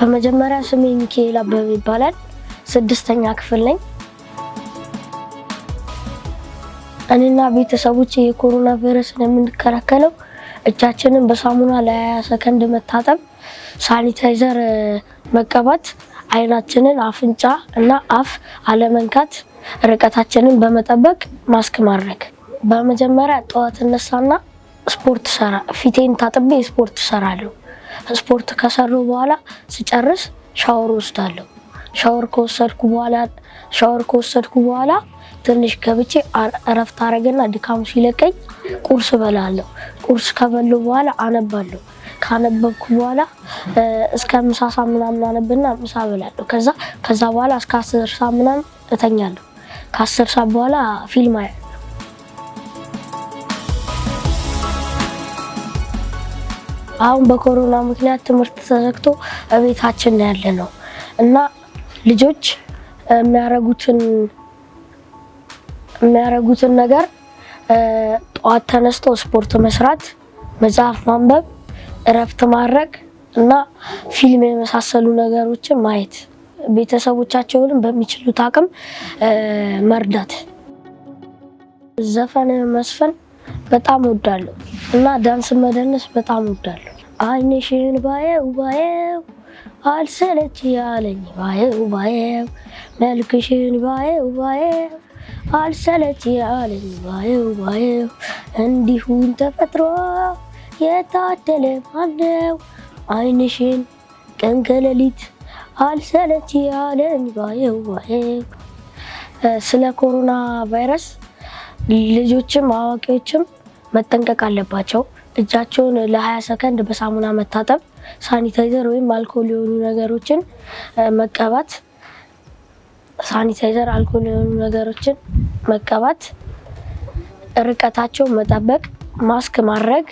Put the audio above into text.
በመጀመሪያ ስሜ ሚካኤል አበበ ይባላል። ስድስተኛ ክፍል ነኝ። እኔና ቤተሰቦች የኮሮና ቫይረስን የምንከላከለው እጃችንን በሳሙና ለ ሰከንድ መታጠብ፣ ሳኒታይዘር መቀባት፣ አይናችንን፣ አፍንጫ እና አፍ አለመንካት፣ ርቀታችንን በመጠበቅ ማስክ ማድረግ። በመጀመሪያ ጠዋት እነሳና ስፖርት ሰራ ፊቴን ታጥቤ ስፖርት ሰራለሁ። ስፖርት ከሰሩ በኋላ ስጨርስ ሻወር ወስዳለሁ። ሻወር ከወሰድኩ በኋላ ሻወር ከወሰድኩ በኋላ ትንሽ ከብቼ እረፍት አረገና ድካሙ ሲለቀኝ ቁርስ እበላለሁ። ቁርስ ከበላሁ በኋላ አነባለሁ። ካነበብኩ በኋላ እስከ ምሳ ሰዓት ምናምን አነብና ምሳ እበላለሁ። ከዛ ከዛ በኋላ እስከ አስር ሰዓት ምናምን እተኛለሁ። ከአስር ሳ በኋላ ፊልም አሁን በኮሮና ምክንያት ትምህርት ተዘግቶ እቤታችን ያለ ነው እና ልጆች የሚያረጉትን የሚያረጉትን ነገር ጠዋት ተነስቶ ስፖርት መስራት፣ መጽሐፍ ማንበብ፣ እረፍት ማድረግ እና ፊልም የመሳሰሉ ነገሮችን ማየት፣ ቤተሰቦቻቸውንም በሚችሉት አቅም መርዳት፣ ዘፈን መስፈን በጣም ወዳለሁ እና ዳንስ መደነስ በጣም ወዳለሁ። አይንሽን ባየው ባየው አልሰለች ያለኝ ባየው ባየው መልክሽን ባየው ባየው አልሰለች ያለኝ ባየው ባየው እንዲሁን ተፈጥሮ የታደለ ማነው አይንሽን ቀን ከሌሊት አልሰለች ያለኝ ባየው ባየው ስለ ኮሮና ቫይረስ ልጆችም አዋቂዎችም መጠንቀቅ አለባቸው። እጃቸውን ለ20 ሰከንድ በሳሙና መታጠብ፣ ሳኒታይዘር ወይም አልኮል የሆኑ ነገሮችን መቀባት ሳኒታይዘር አልኮል የሆኑ ነገሮችን መቀባት፣ ርቀታቸውን መጠበቅ፣ ማስክ ማድረግ